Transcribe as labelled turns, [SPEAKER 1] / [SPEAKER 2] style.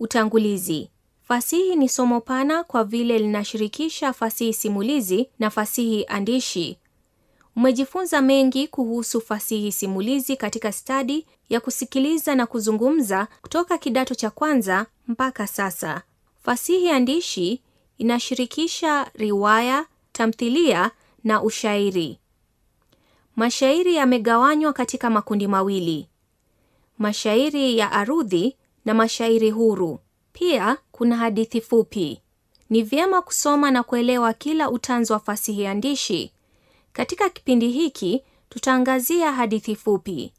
[SPEAKER 1] Utangulizi. Fasihi ni somo pana kwa vile linashirikisha fasihi simulizi na fasihi andishi. Umejifunza mengi kuhusu fasihi simulizi katika stadi ya kusikiliza na kuzungumza kutoka kidato cha kwanza mpaka sasa. Fasihi andishi inashirikisha riwaya, tamthilia na ushairi. Mashairi yamegawanywa katika makundi mawili: mashairi ya arudhi na mashairi huru. Pia kuna hadithi fupi. Ni vyema kusoma na kuelewa kila utanzu wa fasihi andishi. Katika kipindi hiki tutaangazia hadithi
[SPEAKER 2] fupi.